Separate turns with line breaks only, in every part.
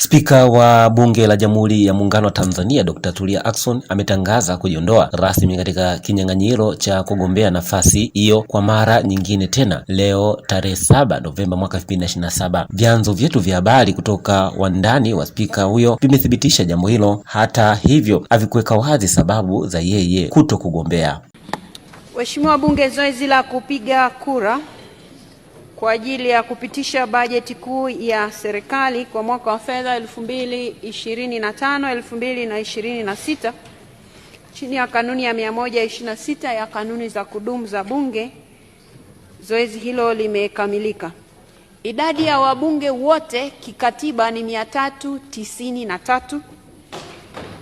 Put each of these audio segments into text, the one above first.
Spika wa Bunge la Jamhuri ya Muungano wa Tanzania Dr. Tulia Ackson ametangaza kujiondoa rasmi katika kinyang'anyiro cha kugombea nafasi hiyo kwa mara nyingine tena leo tarehe 7 Novemba mwaka 2027. Vyanzo vyetu vya habari kutoka wandani wa spika huyo vimethibitisha jambo hilo. Hata hivyo, havikuweka wazi sababu za yeye kuto kugombea.
Waheshimiwa Bunge, zoezi la kupiga kura kwa ajili ya kupitisha bajeti kuu ya serikali kwa mwaka wa fedha 2025 2026 chini ya kanuni ya 126 ya kanuni za kudumu za Bunge. Zoezi hilo limekamilika. Idadi ya wabunge wote kikatiba ni 393.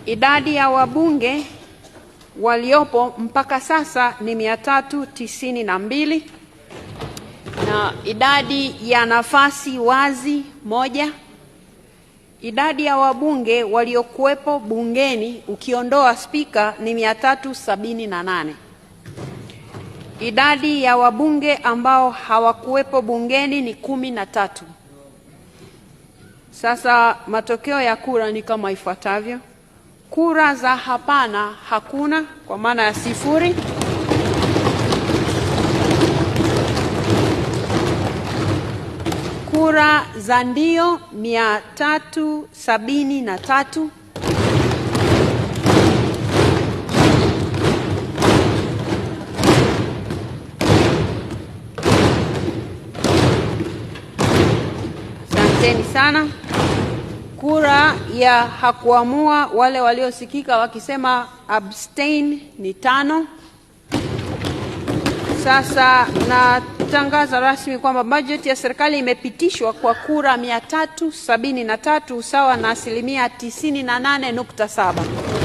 Idadi ya wabunge waliopo mpaka sasa ni 392 na idadi ya nafasi wazi moja. Idadi ya wabunge waliokuwepo bungeni ukiondoa spika ni 378. Idadi ya wabunge ambao hawakuwepo bungeni ni kumi na tatu. Sasa matokeo ya kura ni kama ifuatavyo: kura za hapana hakuna, kwa maana ya sifuri. kura za ndio 373, asanteni sana. Kura ya hakuamua, wale waliosikika wakisema abstain ni tano. Sasa na kutangaza rasmi kwamba bajeti ya serikali imepitishwa kwa kura 373 sawa na asilimia 98.7.